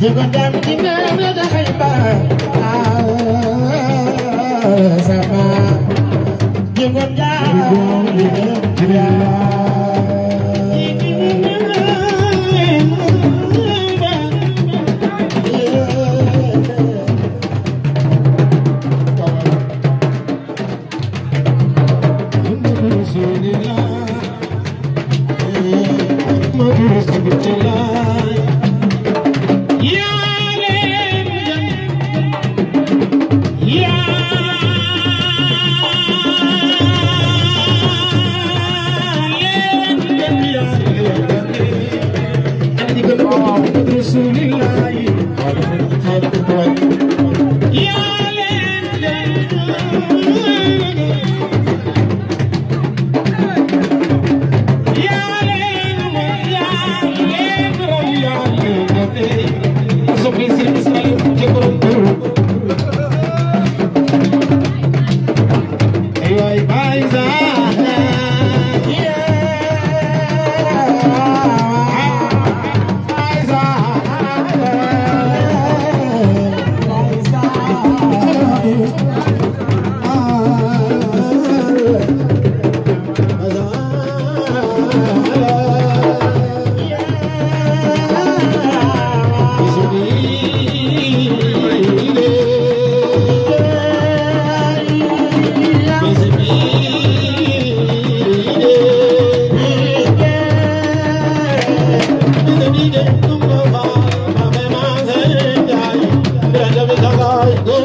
Yeah.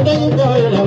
day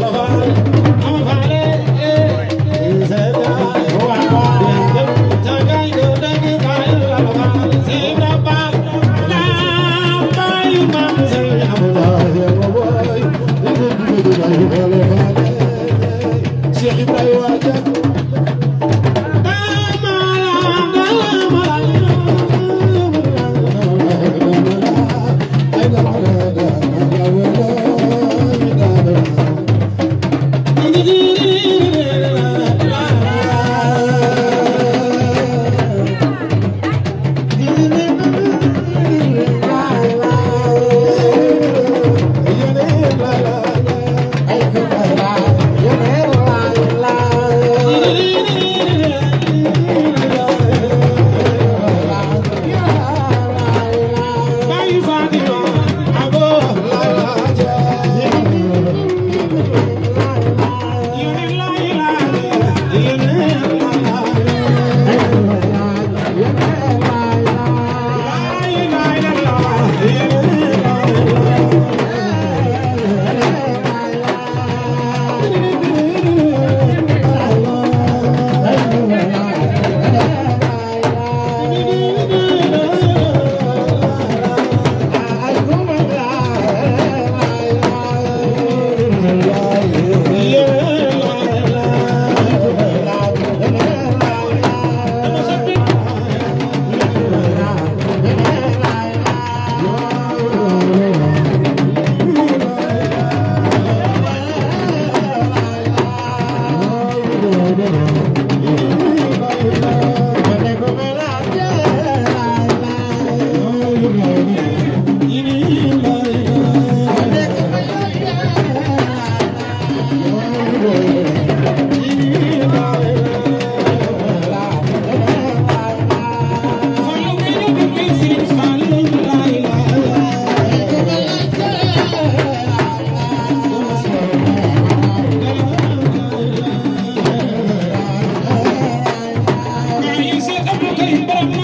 Thank you.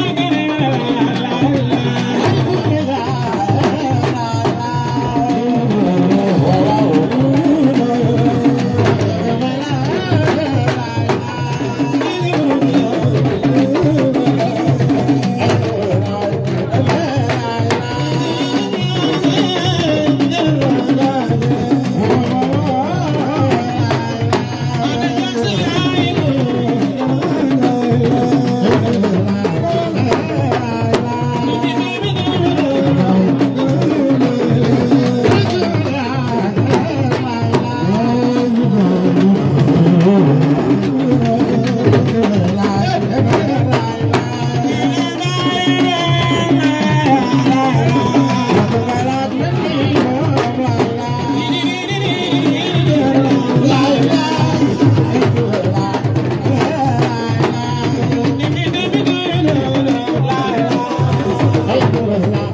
Thank you.